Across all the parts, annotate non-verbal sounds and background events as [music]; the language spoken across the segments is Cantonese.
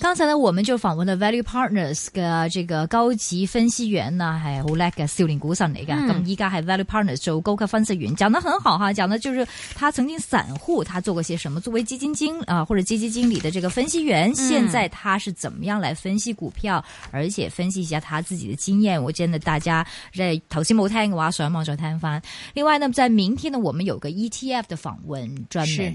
剛才呢，我們就訪問了 Value Partners 嘅這個高級分析員呢，嗯、還啦，係好叻嘅少年股神嚟嘅。咁依家還 Value Partners 做高級分析員，講得很好哈，講的就是他曾經散戶，他做過些什麼，作為基金經理啊、呃、或者基金經理的這個分析員、嗯，現在他是怎麼樣來分析股票，而且分析一下他自己的經驗。我覺得大家在淘金摩太嘅話，上麥上攤翻。另外呢，在明天呢，我們有個 ETF 的訪問，專門。是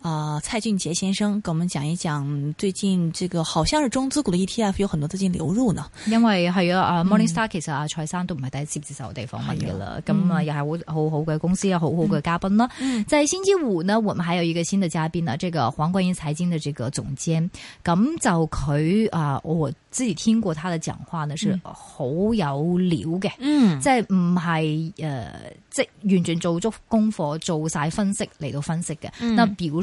啊、呃，蔡俊杰先生，跟我們講一講最近這個，好像是中資股的 ETF 有很多資金流入呢。因為係啊、嗯、，Morningstar 其實阿、啊、蔡生都唔係第一次接受我哋訪問嘅啦，咁啊、嗯、又係好好好嘅公司，啊好好嘅嘉賓啦、嗯嗯。在星期五呢，我們還有一個新的嘉賓呢、啊、這個黃冠英財經的這個總監，咁就佢啊，我自己聽過他的講話呢，是好有料嘅，嗯，即係唔係誒，即、呃就是、完全做足功課，做晒分析嚟到分析嘅、嗯，那比如。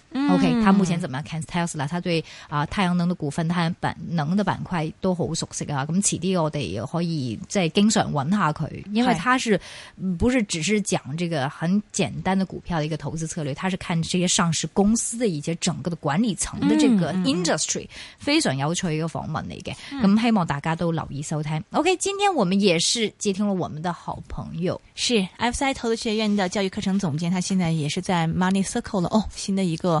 O、okay, K，他目前怎麼樣看 Tesla 他對啊、呃、太陽能的股份、太陽板能的板塊都好熟悉啊。咁遲啲，我哋可以即係經常問下佢，因為他是、嗯、不是只是講這個很簡單的股票的一個投資策略？他是看這些上市公司的一些整個的管理層的這個 industry，嗯嗯非常有趣個訪問嚟嘅。咁、嗯、希望大家都留意收聽。O、okay, K，今天我們也是接聽了我們的好朋友，是 F C I 投資學院的教育課程總監，他現在也是在 Money Circle 了。哦，新的一個。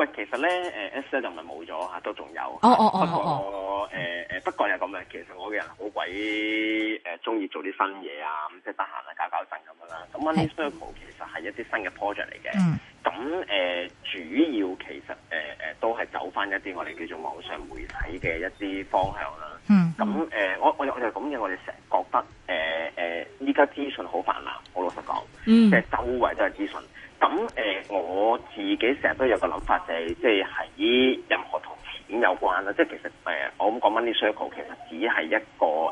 喂，其實咧，誒、呃、S 咧就唔係冇咗吓，都仲有。哦哦哦。不過誒誒，不過又咁嘅，其實我嘅人好鬼誒，中意做啲新嘢啊，咁即係得閒啊，搞搞震咁樣啦。咁 Many Circle 其實係一啲新嘅 project 嚟嘅。咁、mm. 誒、呃，主要其實誒誒、呃，都係走翻一啲我哋叫做網上媒體嘅一啲方向啦。嗯、mm.。咁、呃、誒，我我我哋咁嘅，我哋成日覺得誒誒，依、呃、家、呃、資訊好氾濫，我老實講。Mm. 即係周圍都係資訊。咁誒、呃，我自己成日都有個諗法，就係即係喺任何同錢有關啦，即、就、係、是、其實誒、呃，我咁講 Money Circle 其實只係一個誒，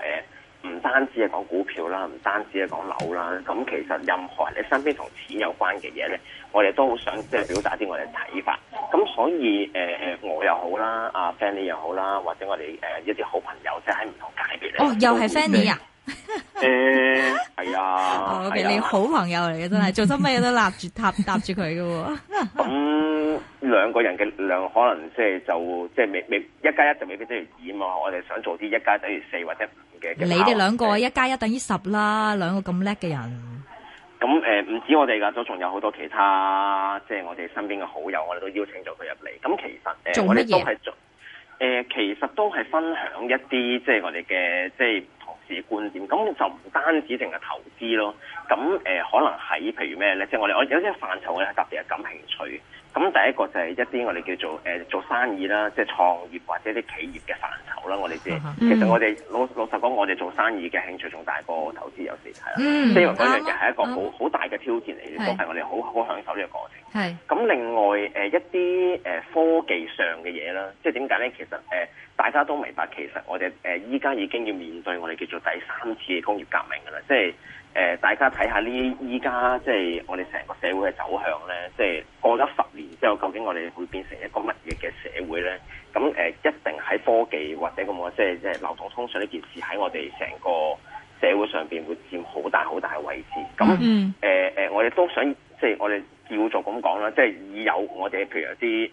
唔、呃、單止係講股票啦，唔單止係講樓啦，咁其實任何你身邊同錢有關嘅嘢咧，我哋都好想即係、就是、表達啲我哋嘅睇法。咁所以誒、呃、我又好啦，啊 Fanny 又好啦，或者我哋誒、呃、一啲好朋友，即係喺唔同界別咧。哦，又係 Fanny 啊。 [laughs] 誒、欸，係 [laughs] 啊、哎 okay, 哎、你好朋友嚟嘅，真係、嗯，做乜嘢都立住踏踏住佢嘅喎。咁兩、嗯 [laughs] 嗯、 [laughs] 個人嘅量可能即係就即係未未一加一就未必等於二嘛，我哋想做啲一,一加一等於四或者五嘅。你哋兩個一加一等於十啦，兩個咁叻嘅人。咁誒，唔、呃、止我哋噶，都仲有好多其他，即係我哋身邊嘅好友，我哋都邀請咗佢入嚟。咁其實誒，我哋都係做誒，其實都係分享一啲，即係我哋嘅即係。觀點咁就唔單止淨係投資咯，咁誒、呃、可能喺譬如咩咧，即、就、係、是、我哋我有啲範疇咧，我哋特別係感興趣。咁第一個就係一啲我哋叫做、呃、做生意啦，即係創業或者啲企業嘅範疇啦，我哋知、uh-huh. 其實我哋老、mm-hmm. 老實講，我哋做生意嘅興趣仲大過投資有時係啦。即係嗰樣嘢係一個好好、uh-huh. 大嘅挑戰嚟嘅，都係我哋好好享受呢個過程。咁、yeah. 另外、呃、一啲、呃、科技上嘅嘢啦，即係點解咧？其實、呃、大家都明白，其實我哋呃依家已經要面對我哋叫做第三次工業革命㗎啦，即呃、大家睇下呢？依家即係我哋成個社會嘅走向咧，即係過咗十年之後，究竟我哋會變成一個乜嘢嘅社會咧？咁誒、呃、一定喺科技或者咁，即係即係流動通訊呢件事喺我哋成個社會上邊會佔好大好大嘅位置。咁，誒誒我哋都想即係我哋叫做咁講啦，即係已有我哋譬如有啲誒誒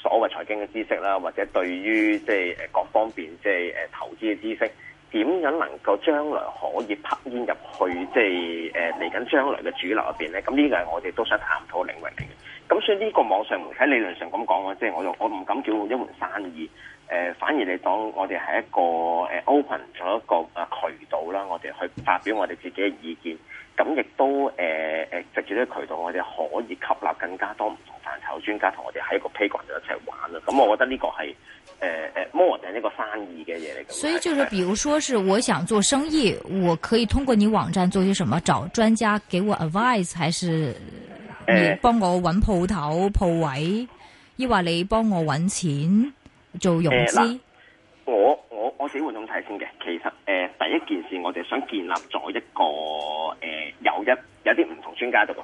所謂財經嘅知識啦，或者對於即係誒各方面即係誒投資嘅知識。點樣能夠將來可以拍片入去，即係誒嚟緊將來嘅主流入邊咧？咁、這、呢個係我哋都想探討嘅領域嚟嘅。咁所以呢個網上媒體理論上咁講，即、就、係、是、我我唔敢叫一門生意、呃，反而你當我哋係一個誒 open 咗一個渠道啦。我哋去發表我哋自己嘅意見，咁亦都誒誒藉住呢個渠道，我哋可以吸納更加多。唔同。專家同我哋喺一個 program 度一齊玩啊！咁、嗯、我覺得呢個係誒誒，model 呢個生意嘅嘢嚟。所以就是，比如說是我想做生意，我可以通過你網站做啲什麼？找專家給我 advice 還是你幫我揾鋪頭、呃、鋪位，抑或你幫我揾錢做融資？呃呃、我我我只會咁睇先嘅。其實誒、呃，第一件事我哋想建立咗一個誒、呃，有一有啲唔同專家做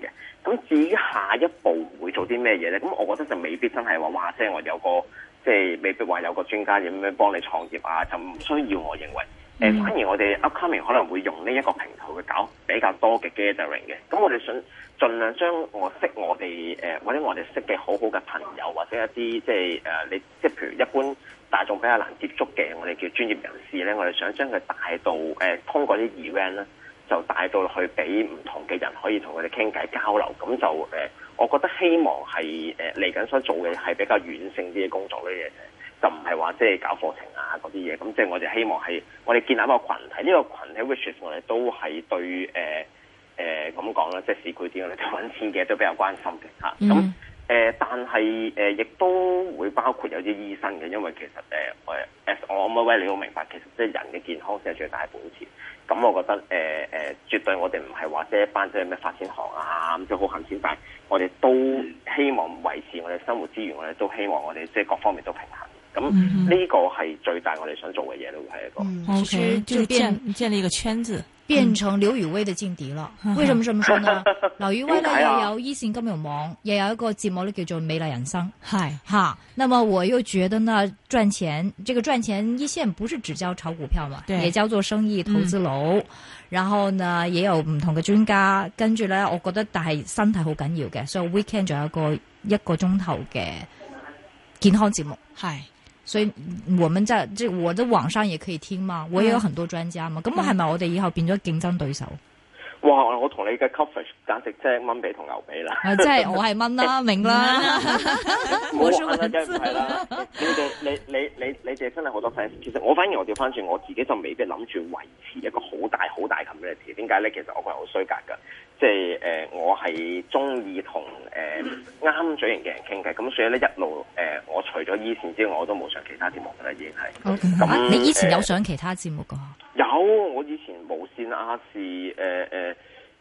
嘅，咁至於下一步會做啲咩嘢咧？咁我覺得就未必真係話，哇！即係我有個，即係未必話有個專家點樣幫你創業啊，就唔需要，我認為，誒、呃，反而我哋 Upcoming 可能會用呢一個平台去搞比較多嘅 gathering 嘅。咁我哋想盡量將我識我哋誒、呃，或者我哋識嘅好好嘅朋友，或者一啲即係誒，你即係譬如一般大眾比較難接觸嘅，我哋叫專業人士咧，我哋想將佢帶到誒、呃，通過啲 event 咧。就帶到去俾唔同嘅人可以同佢哋傾偈交流，咁就誒，我覺得希望係誒嚟緊所做嘅係比較軟性啲嘅工作啲嘢，就唔係話即係搞課程啊嗰啲嘢。咁即係我哋希望係我哋建立一個群體，呢、這個群體 which 我哋都係對誒誒咁講啦，即係市區啲我哋揾錢嘅都比較關心嘅嚇。嗯誒、呃，但係誒，亦、呃、都會包括有啲醫生嘅，因為其實誒誒，As I'm aware，你要明白，其實即係人嘅健康先係最大嘅本錢。咁我覺得誒誒、呃呃，絕對我哋唔係話即係一班即係咩發展行啊即就好行錢，但係我哋都希望維持我哋生活資源，我哋都希望我哋即係各方面都平衡。咁呢個係最大我哋想做嘅嘢，都會係一個。Okay. 就建就建，建立一個圈子。變成劉雨威的勁敵了，嗯，為什麼這麼說呢？劉雨威呢又有一線金融網，也有一個節目呢叫做《美麗人生》。係哈，那麼我又覺得呢賺錢，這個賺錢一線不是只教炒股票嘛，對，也教做生意，投資樓，嗯，然後呢也有唔同嘅專家。跟住咧，我覺得但係身體好緊要嘅，所以 Weekend 仲有一個一個鐘頭嘅健康節目，係。所以我們在這我的網上也可以聽嘛，我也有很多專家嘛，咁係咪我哋以後變咗競爭對手？哇！我同你嘅 c o n f i 簡直即係蚊比同牛比啦！即係我係蚊啦，明啦！我蘇文係啦，你你你你哋真係好多 f 其實，我反而我調翻轉，我自己就未必諗住維持一個好大好大咁嘅事業。點解咧？其實我係好衰格噶。即係誒、呃，我係中意同誒啱嘴型嘅人傾偈，咁所以咧一路誒、呃，我除咗以前之外，我都冇上其他節目嘅喇，已經係。咁、okay. 你以前有上其他節目噶、呃？有，我以前無綫亞視誒誒誒，仲、呃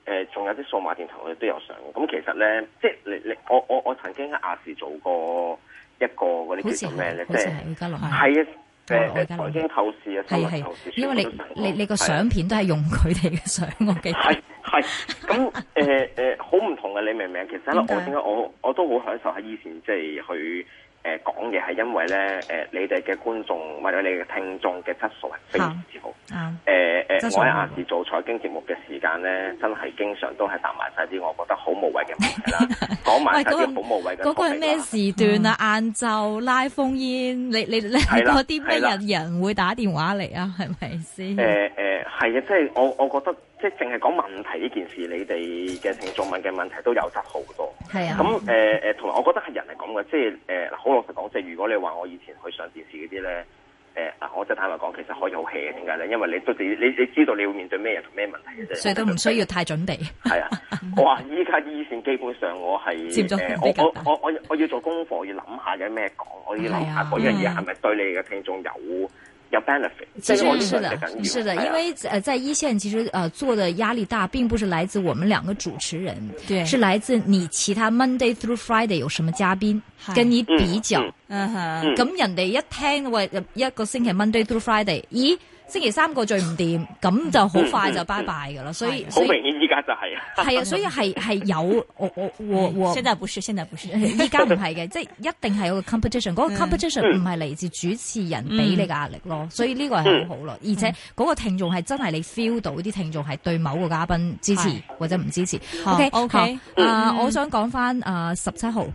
呃、有啲數碼電台我都有上。咁其實咧，即係你你我我我曾經喺亞視做過一個嗰啲叫做咩咧，即係係啊。誒，財經透視啊，財經透視係係，因為你你你個相片都係用佢哋嘅相，我記得係係。咁誒，誒，好 [laughs] 唔、呃呃、同嘅，你明唔明？其實咧，我點解我我都好享受喺以前，即、就、係、是、去。誒、呃，講嘢係因為咧，誒、呃，你哋嘅觀眾或者你嘅聽眾嘅質素係非常之好。啊，誒、啊、誒，呃、我喺亞視做財經節目嘅時間咧、嗯，真係經常都係答埋晒啲我覺得好無謂嘅問題啦，講埋晒啲好無謂嘅話題啦。嗰個係咩時段啊？晏、嗯、晝拉風煙，你你你嗰啲咩人會打電話嚟啊？係咪先？誒、呃、誒，係、呃、啊，即係我我覺得。即係淨係講問題呢件事，你哋嘅聽眾問嘅問題都有執好多。係啊，咁誒誒，同埋我覺得係人嚟講嘅，即係誒，好、呃、老實講，即係如果你話我以前去上電視嗰啲咧，誒、呃、嗱，我就坦白講，其實可以好 hea 嘅，點解咧？因為你都你你知道你要面對咩人同咩問題嘅啫。所以都唔需要太準備。係啊，我話依家啲線基本上我係接、 [laughs] 呃、我我我我要做功課，我要諗下有咩講，我要諗下嗰樣嘢係咪對你嘅聽眾有。要 balance 其實是的，這個、是，是的，是的、哎，因為在一線其實呃做的壓力大，並不是來自我們兩個主持人，對，是來自你其他 Monday through Friday 有什麼嘉賓跟你比較，嗯咁、uh-huh, 嗯嗯、人哋一聽喂、呃、一個星期 Monday through Friday，咦，星期三個最唔掂，咁、嗯、就好快就拜拜 e 噶啦，所以、嗯所以，嗯所以好明顯。而家就係啊， [laughs] 係啊，所以係係有我我我我先得一本書，先得一本書。依家唔係嘅，即係一定係有個 competition。嗰個 competition 唔係嚟自主持人俾你嘅壓力咯，嗯、所以呢個係好好咯。嗯、而且嗰個聽眾係真係你 feel 到啲聽眾係對某個嘉賓支持或者唔支持。嗯、OK OK，啊、um 呃，我想講翻啊十七號，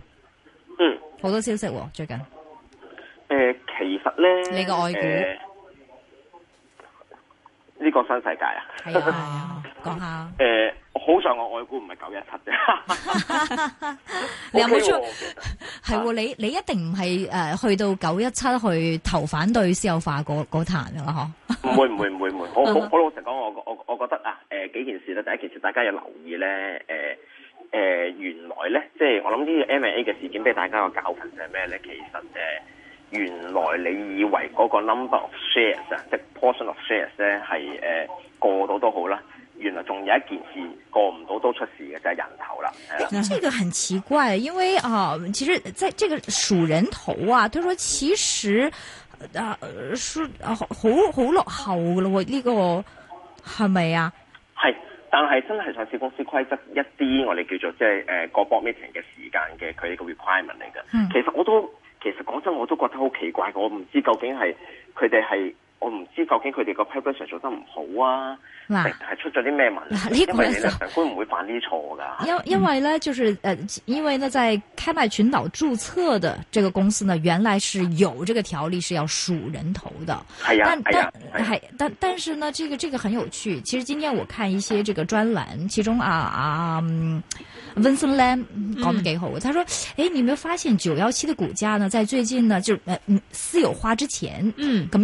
嗯，好多消息喎、啊，最近。誒，其實咧，你個愛股，呢、呢個新世界啊，係啊。.講下誒、嗯呃，好在我外股唔係九一七啫。你有冇錯？係喎，你你一定唔係誒去到九一七去投反對私有化嗰壇噶啦嗬？唔會唔會唔會唔會，我 [laughs] 老實講，我我我覺得啊，誒、呃、幾件事呢。第一件事大家要留意咧，誒、呃、誒、呃、原來咧，即係我諗呢 M&A 嘅事件俾大家個教訓就係咩咧？其實誒、呃、原來你以為嗰個 number of shares 啊，即係 portion of shares 咧係誒過到都好啦。原來仲有一件事過唔到都出事嘅，就係、是、人頭啦。呢這個很奇怪，因為啊、呃，其實在這個數人頭啊，佢話其實啊，數、呃呃、好好落後咯，呢、這個係咪啊？係、嗯，但係真係上市公司規則一啲，我哋叫做即係誒個 board meeting 嘅時間嘅，佢呢個 requirement 嚟嘅，其實我都其實講真，我都覺得好奇怪，我唔知究竟係佢哋係。我唔知究竟佢哋個 publisher 做得唔好啊，係、啊、出咗啲咩問題？呢、啊、為咧，法官唔會犯呢錯㗎。因為、嗯、因為呢，就是誒，因為呢，在開曼群島註冊的這個公司呢，原來是有這個條例是要數人頭的。係啊，係係。但、哎、但、哎、但但是呢，這個這個很有趣。其實今天我看一些這個專欄，其中啊啊、嗯、Vincent Lam 講得幾好，佢、嗯：，佢，誒、欸，你有冇有發現九幺七的股價呢？在最近呢，就嗯私有化之前，嗯，咁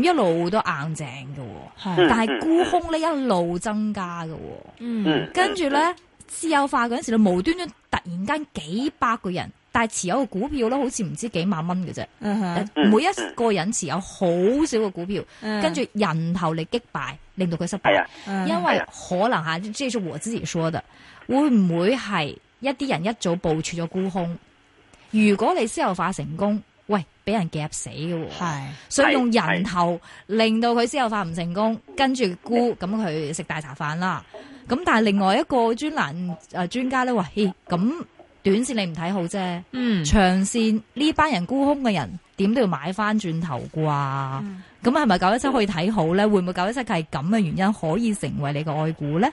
硬正嘅，但係沽空呢一路增加嘅，哦嗯，跟住咧私有化嗰陣時候，你無端端突然間幾百個人，但係持有嘅股票咧好似唔知幾萬蚊嘅啫，每一個人持有好少嘅股票，嗯、跟住人頭嚟擊敗，令到佢失敗，哎，因為可能吓，即、哎、係、啊啊、我之前說的，會唔會係一啲人一早部署咗沽空？如果你私有化成功。喂，俾人夾死嘅，係想用人頭令到佢私有化唔成功，跟住沽，咁佢食大茶飯啦。咁、嗯、但係另外一個專欄誒專家咧，話咦咁短線你唔睇好啫、嗯，長線呢班人沽空嘅人點都要買翻轉頭啩？咁係咪九一七可以睇好咧、嗯？會唔會九一七係咁嘅原因可以成為你個愛股咧？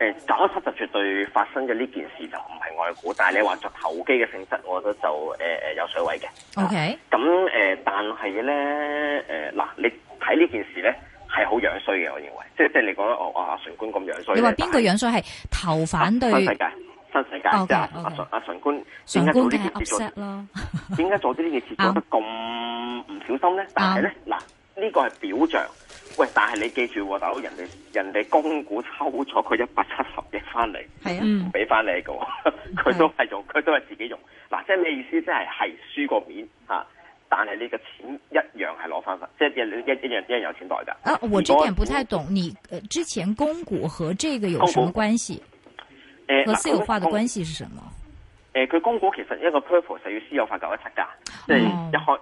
誒，九七就絕對發生嘅呢件事就唔係外股，但係你話作投機嘅性質，我覺得就誒有水位嘅。OK，咁誒，但係咧誒嗱，你睇呢件事咧係好樣衰嘅，我認為，即係即係你講得我啊純官咁樣衰。你話邊個樣衰係頭反對新世界？新世界即係阿阿純官，純官係 set 咯，點解做啲呢件事做得咁唔小心咧？但係咧嗱，呢個係表象。喂，但係你記住、哦，大佬人哋人哋供股抽咗佢一百七十億翻嚟，係、hey, 啊、um, 哦，俾翻你佢都係用，佢、hey. 都係自己用。嗱、啊，即係咩意思是是？即係係輸個面吓，但係你嘅錢一樣係攞翻翻，即、就、係、是、一一樣一樣有錢袋噶。啊，我之前不太懂，你之前供股和這個有什麼關係？誒、呃，和私有化的關係是什麼？誒、呃，佢公,、呃、供股其實一個 purpose 係要私有化九、哦嗯、一七噶，即係一開。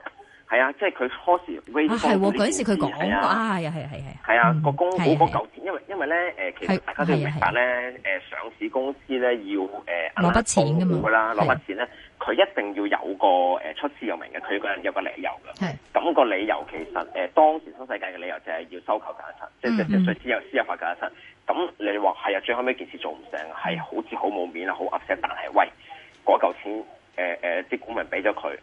係啊，即係佢初始嗰啊時佢講啊，係啊，係啊，係啊。係啊，個、啊嗯、公股嗰嚿錢，因為、啊、因為咧，誒、啊，其實大家都明白咧，誒、啊啊啊，上市公司咧要誒攞筆錢噶啦，攞筆錢咧，佢、啊、一定要有個誒出師有名嘅，佢個人有個理由噶。係、啊。咁、那個理由其實誒、呃、當時新世界嘅理由就係要收購嘉實，即係即係即係私有私有化嘉實。咁、嗯、你話係啊，最後尾件事做唔成，係好似好冇面啊，好 upset，但係喂，嗰嚿錢誒誒，啲、呃、股民俾咗佢。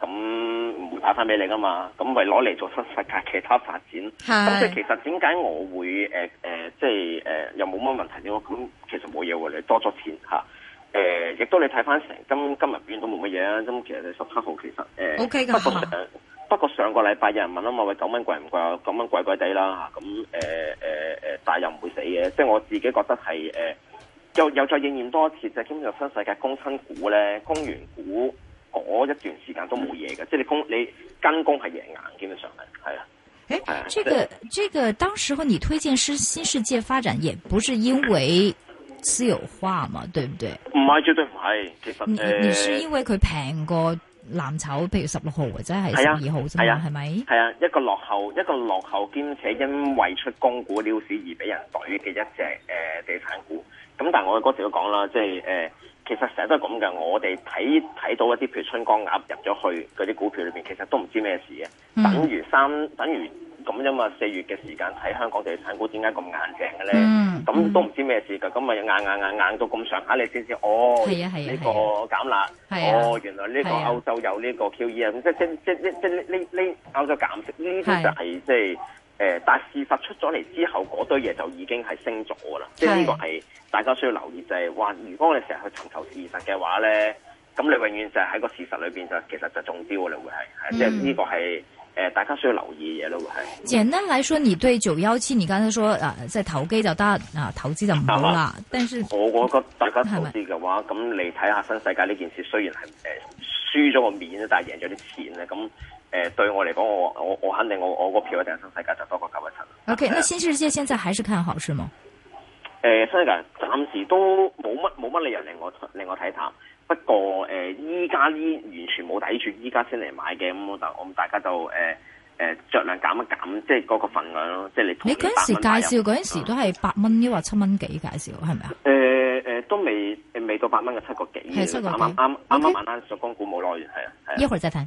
咁唔會派翻俾你噶嘛？咁咪攞嚟做新世界其他發展。咁即係其實點解我會誒誒、呃，即係誒、呃、又冇乜問題咧？咁其實冇嘢喎，你多咗錢吓。誒、啊呃，亦都你睇翻成今今日表現都冇乜嘢啊。咁其實你十七號其實誒、呃 okay，不過上、啊、不過上個禮拜有人問啊嘛，喂，九蚊貴唔貴啊？九蚊貴貴哋啦吓。咁誒誒誒，但又唔會死嘅。即係我自己覺得係誒，又、啊、又再應驗多一次就係，今日新世界公參股咧，公員股。我一段時間都冇嘢嘅，即係你供你跟供係贏硬，基本上係係啊。誒、欸啊，這個這個、這個、當時候你推薦是新世界發展，也不是因為私有化嘛，對唔對？唔、嗯、係，絕對唔係。其實而、呃、是因為佢平過藍籌，譬如十六號或者係十二號啫，係咪？係啊，啊，啊，啊，一個落後，一個落後兼且因為出供股尿市而俾人懟嘅一隻誒、呃、地產股。咁但係我嗰時都講啦，即係誒。呃其實成日都係咁嘅，我哋睇睇到一啲譬如春光鴨入咗去嗰啲股票裏面，其實都唔知咩事嘅、嗯，等於三等於咁啫嘛。四月嘅時間喺香港地產股點解咁硬淨嘅咧？咁、嗯、都唔知咩事嘅，咁咪硬硬，硬硬硬硬到咁上下，你先知？哦，呢、啊啊啊呢個減辣、啊。哦，原來呢個歐洲有呢個 QE 啊，即即即即呢呢呢歐洲減息，呢啲就係即係。誒、呃，但是事實出咗嚟之後，嗰堆嘢就已經係升咗噶啦，即係呢個係大家需要留意就係、是、話、呃，如果我哋成日去尋求事實嘅話咧，咁你永遠就喺個事實裏面就，就其實就中招喇。你會係，即係呢個係、呃、大家需要留意嘅嘢咯會係。簡單嚟說，你對九幺七，你剛才說誒即係投機就得啊，投資就唔好啦。但是我覺得大家投資嘅話，咁你睇下新世界呢件事雖然係、呃、輸咗個面但係贏咗啲錢咧，咁、嗯。誒、呃，對我嚟講，我我我肯定我我個票一定係新世界就多過九一七。O、okay, K，那新世界現在還是看好是嗎？誒、呃，新世界暫時都冇乜冇乜理由令我令我睇淡。不過誒，依家呢完全冇睇住，依家先嚟買嘅咁，嗯、我就我咁大家就誒誒、呃呃、酌量減一減，減，即係嗰個份量咯。即係你你嗰陣時介紹嗰陣、嗯、時都係八蚊，抑或七蚊幾介紹係咪啊？誒、呃、誒、呃，都未未到八蚊嘅七個幾，係七個幾啱啱啱啱晚黑上港股冇耐，係啊係一會再睇。